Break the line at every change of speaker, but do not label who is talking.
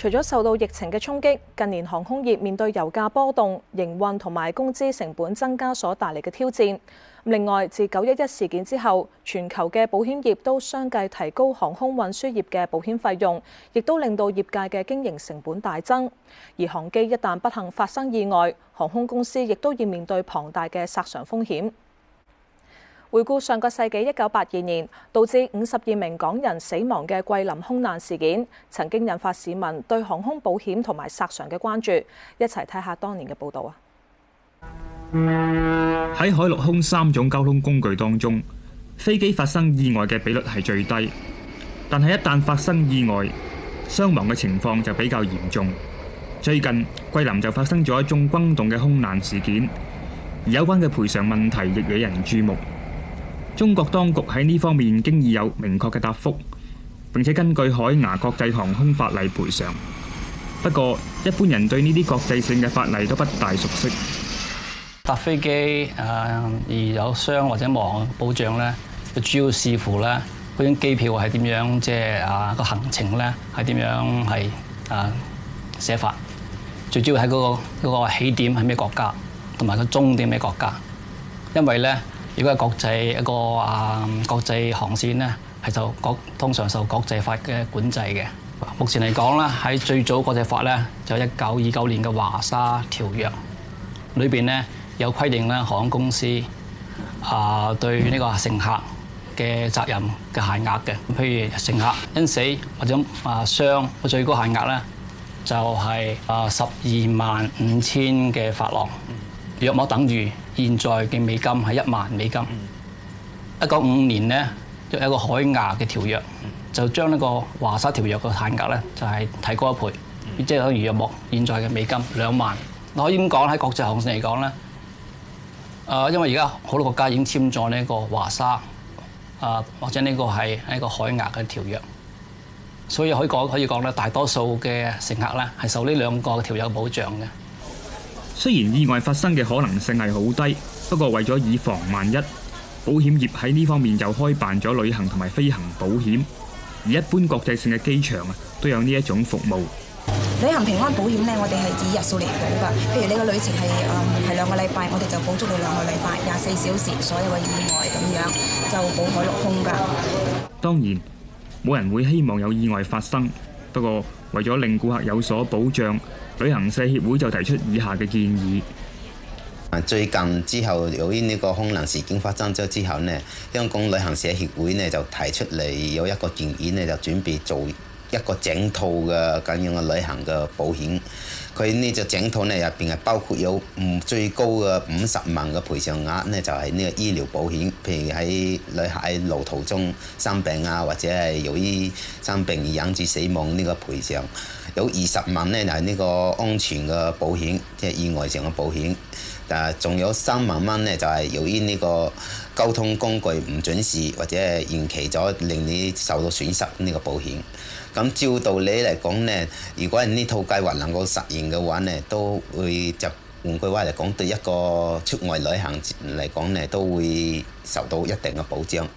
除咗受到疫情嘅衝擊，近年航空業面對油價波動、營運同埋工資成本增加所帶嚟嘅挑戰，另外，自九一一事件之後，全球嘅保險業都相繼提高航空運輸業嘅保險費用，亦都令到業界嘅經營成本大增。而航機一旦不幸發生意外，航空公司亦都要面對龐大嘅賠償風險。回顧上個世紀一九八二年導致五十二名港人死亡嘅桂林空難事件，曾經引發市民對航空保險同埋索償嘅關注。一齊睇下當年嘅報道
啊！喺海陸空三種交通工具當中，飛機發生意外嘅比率係最低，但係一旦發生意外，傷亡嘅情況就比較嚴重。最近桂林就發生咗一宗轟動嘅空難事件，而有關嘅賠償問題亦惹人注目。中國當局喺呢方面經已有明確嘅答覆，並且根據海牙國際航空法例賠償。
不過一般人對呢啲國際性嘅法例都不大熟悉。搭飛機啊，而有傷或者亡保障呢，主要視乎呢嗰張機票係點樣，即係啊個行程呢係點樣係啊寫法，最主要喺嗰個嗰個起點係咩國家，同埋個終點咩國家，因為呢。如果係國際一個啊國際航線咧，係受國通常受國際法嘅管制嘅。目前嚟講咧，喺最早國際法咧，就一九二九年嘅華沙條約裏邊咧，有規定咧，航空公司啊對呢個乘客嘅責任嘅限額嘅。譬如乘客因死或者啊傷，個最高限額咧就係啊十二萬五千嘅法郎，約莫等於。現在嘅美金係一萬美金。一九五五年呢，就有一個海牙嘅條約，就將呢個華沙條約嘅限額呢，就係、是、提高一倍。即係可以約莫現在嘅美金兩萬。可以咁講？喺國際航線嚟講呢，誒、呃，因為而家好多國家已經簽咗呢個華沙，誒、呃、或者呢個係一個海牙嘅條約，所以可以講可以講呢大多數嘅乘客呢，係受呢兩個條約保障嘅。雖然意外發生嘅可能性係
好低，不過為咗以防萬一，保險業喺呢方面就開辦咗旅行同埋飛行保險。而一般國際性嘅機場啊，都有呢一種服務。
旅行平安保險呢，我哋係以日數嚟保㗎。譬如你個旅程係誒係兩個禮拜，我哋
就保足你兩個禮拜，廿四小時所有嘅意外，咁樣就保海陸空㗎。
當然，冇人會希望有意外發生，不過為咗令顧客
有所保障。旅行社協會就提出以下嘅建議。最近之後，由於呢個空難事件發生咗之後呢，香港旅行社協會呢就提出嚟有一個建議呢，就準備做。一個整套嘅咁樣嘅旅行嘅保險，佢呢隻整套呢入邊係包括有唔最高嘅五十萬嘅賠償額呢，就係、是、呢個醫療保險，譬如喺旅客喺路途中生病啊，或者係由於生病而引致死亡呢個賠償。有二十萬呢就係、是、呢個安全嘅保險，即、就、係、是、意外上嘅保險。但係，仲有三萬蚊呢就係、是、由於呢個交通工具唔準時或者延期咗令你受到損失呢個保險。咁照道理嚟講，咧，如果係呢套計劃能夠實現嘅話，咧，都會就換句話嚟講，對一個出外旅行嚟講，咧，都會受到一定嘅保障。